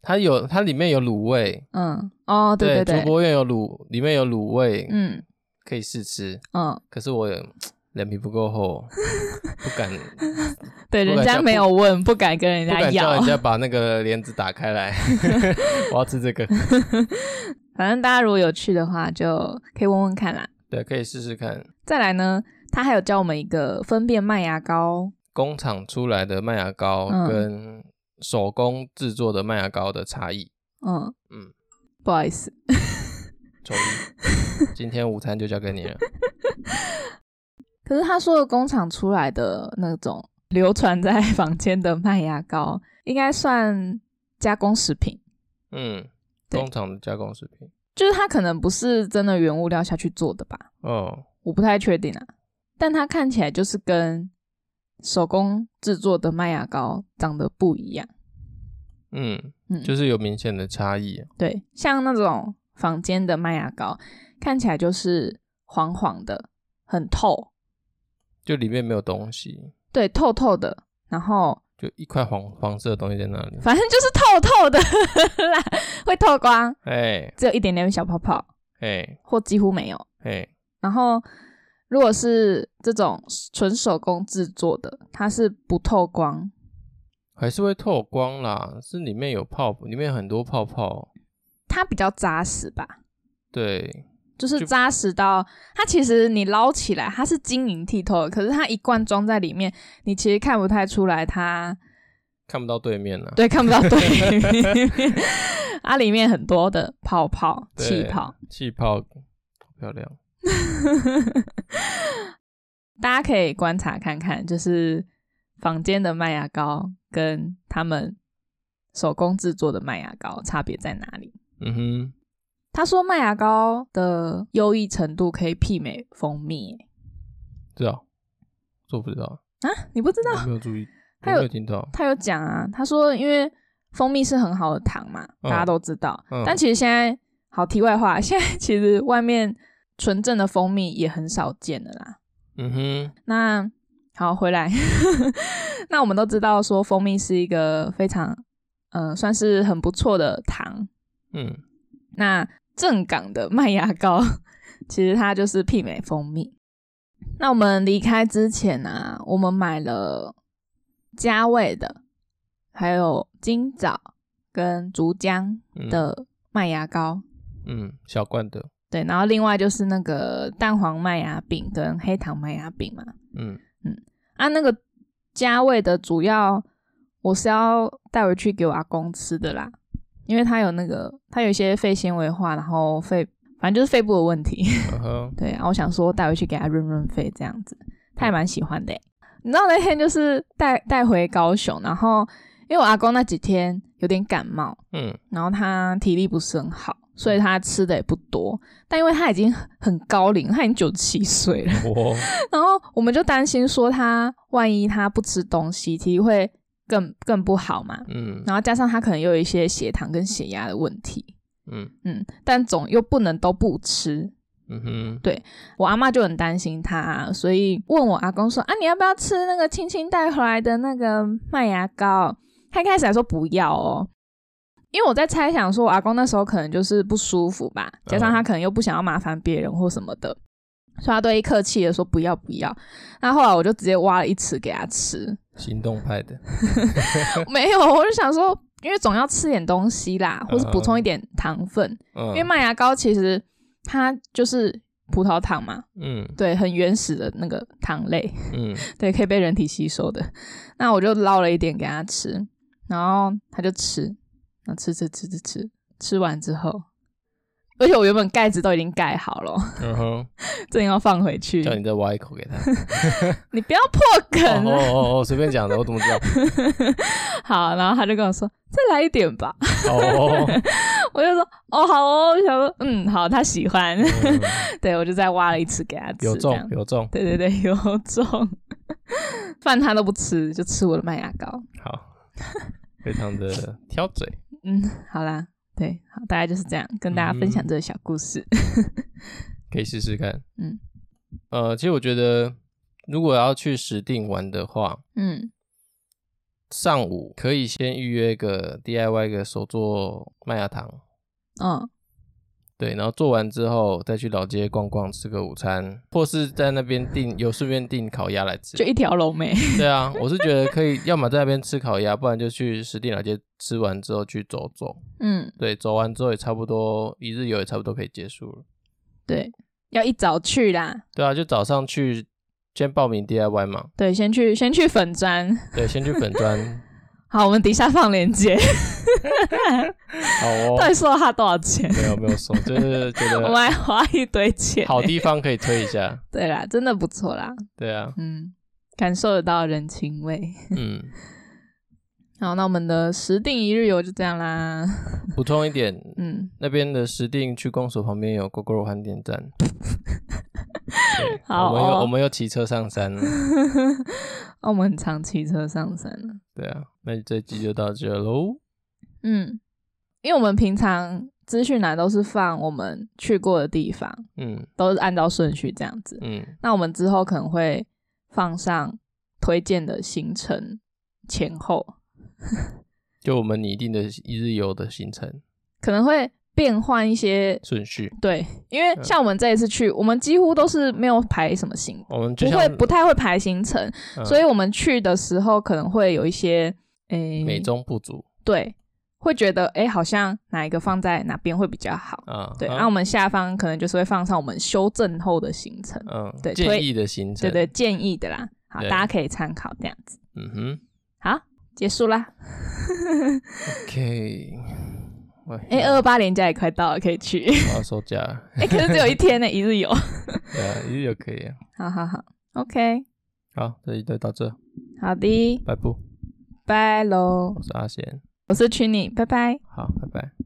它有，它裡面有滷味，嗯，哦，對對對，對竹柏苑有滷，裡面有滷味，嗯，可以試吃，嗯、哦。可是我臉皮不夠厚，不敢。 <laughs> 對敢人家沒有問，不敢跟人家要。不敢叫人家把那個簾子打開來， <laughs> <laughs> 我要吃這個。 <laughs> 反正大家如果有趣的話，就可以問問看啦。對，可以試試看。再來呢，他還有教我們一個分辨麥芽膏，工廠出來的麥芽膏、嗯、跟手工製作的麥芽膏的差異。嗯嗯，不好意思，終 <laughs> 於，今天午餐就交給你了。可是他說的工廠出來的那種流傳在房間的麥芽膏，應該算加工食品。嗯，工廠的加工食品，就是他可能不是真的原物料下去做的吧？哦，我不太確定啊，但他看起來就是跟。手工製作的麥芽膏長得不一樣，嗯嗯，就是有明顯的差異啊。對，像那種坊間的麥芽膏，看起來就是黃黃的，很透，就裡面沒有東西。對，透透的，然後就一塊黃黃色的東西在那裡，反正就是透透的， <laughs> 會透光。欸，只有一點點小泡泡，欸，或幾乎沒有，欸，然後。如果是這種純手工制作的，它是不透光，還是會透光啦？是裡面有泡，裡面很多泡泡，它比較扎實吧？對，就是扎實到它其實你撈起來，它是晶瑩剔透的，可是它一罐裝在裡面，你其實看不太出來它，它看不到對面了，對，看不到對面，它、 <laughs> <laughs> 啊、裡面很多的泡泡，氣泡，氣泡，好漂亮。 <laughs> 大家可以觀察看看，就是坊間的麥芽膏跟他們手工制作的麥芽膏差別在哪裡？嗯哼，他說麥芽膏的優異程度可以媲美蜂蜜。欸，知道？我不知道啊，你不知道？沒有注意，他有，有聽到，他有講啊。他說，因為蜂蜜是很好的糖嘛，大家都知道。嗯、但其實現在，好，題外話，現在其實外面。純正的蜂蜜也很少見的啦。嗯哼，那好，回來， <laughs> 那我們都知道說蜂蜜是一個非常，嗯、呃，算是很不錯的糖。嗯，那正港的麥芽膏其實它就是媲美蜂蜜。那我們離開之前呢、啊，我們買了加味的，還有金棗跟竹漿的麥芽膏，嗯。嗯，小罐的。對，然後另外就是那個蛋黃麥芽餅跟黑糖麥芽餅嘛，嗯嗯，啊，那個加味的主要我是要帶回去給我阿公吃的啦，因為他有那個他有一些肺纖維化，然後肺反正就是肺部的問題，Uh-huh. 對，啊我想說帶回去給他潤潤肺這樣子，他也蠻喜歡的，嗯，你知道那天就是帶帶回高雄，然後因為我阿公那幾天有點感冒，嗯，然後他體力不是很好。所以他吃的也不多，但因為他已經很高齡，他已經九十七歲了。 <laughs> 然後我們就擔心說他萬一他不吃東西，其實會更更不好嘛。嗯。然後加上他可能又有一些血糖跟血壓的問題。嗯嗯。但總又不能都不吃。嗯哼。對，我阿媽就很擔心他，所以問我阿公說：“啊，你要不要吃那個青青帶回來的那個麥芽膏？”他一開始還說不要哦。因為我在猜想說，我阿公那時候可能就是不舒服吧，加上他可能又不想要麻煩別人或什麼的，uh -huh. 所以他對一客氣的說不要不要。那後來我就直接挖了一匙給他吃，行動派的， <laughs> 沒有，我就想說，因為總要吃點東西啦，或是補充一點糖分，uh -huh. Uh -huh. 因為麥芽膏其實它就是葡萄糖嘛，嗯、uh -huh.，對，很原始的那個糖類，嗯、uh -huh.，對，可以被人體吸收的。那我就撈了一點給他吃，然後他就吃。吃吃吃吃吃，吃完之後，而且我原本蓋子都已經蓋好了，嗯哼，正要放回去，叫你再挖一口給他， <laughs> 你不要破梗哦哦哦，隨、哦哦、便講的，我怎麼知道？ <laughs> 好，然後他就跟我說再來一點吧， <laughs> 哦，我就說哦好哦，我想說嗯好，他喜歡，嗯、 <laughs> 對我就再挖了一次給他吃，有重有重，對對對有重，飯 <laughs> 他都不吃，就吃我的麥芽膏，好，非常的挑嘴。嗯，好啦，對，好，大家就是這樣跟大家分享這個小故事，嗯，可以試試看。嗯，呃，其實我覺得如果要去石碇玩的話，嗯，上午可以先預約一個 DIY 一個手做麥芽糖。嗯、哦。對，然後做完之後再去老街逛逛，吃個午餐，或是在那邊訂有順便訂烤鴨來吃。就一條龍沒？對啊，我是覺得可以，要麼在那邊吃烤鴨，不然就去石碇老街。吃完之後去走走，嗯，對，走完之後也差不多一日遊也差不多可以結束了。對，要一早去啦。對啊，就早上去先報名 DIY 嘛。對，先去先去粉磚。對，先去粉磚。 <laughs> 好，我們底下放連結。 <laughs> 好哦，到底收了他多少錢？沒有、啊、沒有收，就是覺得 <laughs> 我們還花一堆錢。好地方可以推一下。對啦，真的不錯啦。對啊，嗯，感受得到人情味。嗯，好，那我們的石碇一日遊就這樣啦。補充一點， <laughs> 嗯，那邊的石碇區公所旁邊有 Gogoro 換電站 <laughs> 。好，哦，我們又我們又騎車上山了。 <laughs> 那我們很常騎車上山，對啊，那這集就到這嘍。 <laughs> 嗯。因為我們平常資訊欄都是放我們去過的地方，嗯，都是按照順序這樣子，嗯。那我們之後可能會放上推薦的行程前後，就我們擬定的一日遊的行程， <laughs> 可能會變換一些順序，對，因為像我們這一次去，嗯、我們幾乎都是沒有排什麼行程，我們就不會不太會排行程、嗯，所以我們去的時候可能會有一些誒、欸、美中不足，對。會覺得哎，好像哪一個放在哪邊會比較好啊？對啊，那我們下方可能就是會放上我們修正後的行程，嗯、啊，對，建議的行程，對對，建議的啦，好，大家可以參考這樣子。嗯哼，好，結束啦。 <laughs> OK，哎、欸，二二八連假也快到了，可以去。 <laughs> 我要收假？哎、 <laughs> 欸，可是只有一天呢、欸，一日遊。 <laughs> 對啊，一日遊可以啊。好好好，OK。好，這一對，對到這。好的，拜拜嘍。我是阿賢。我是 Chingo，拜拜。好，拜拜。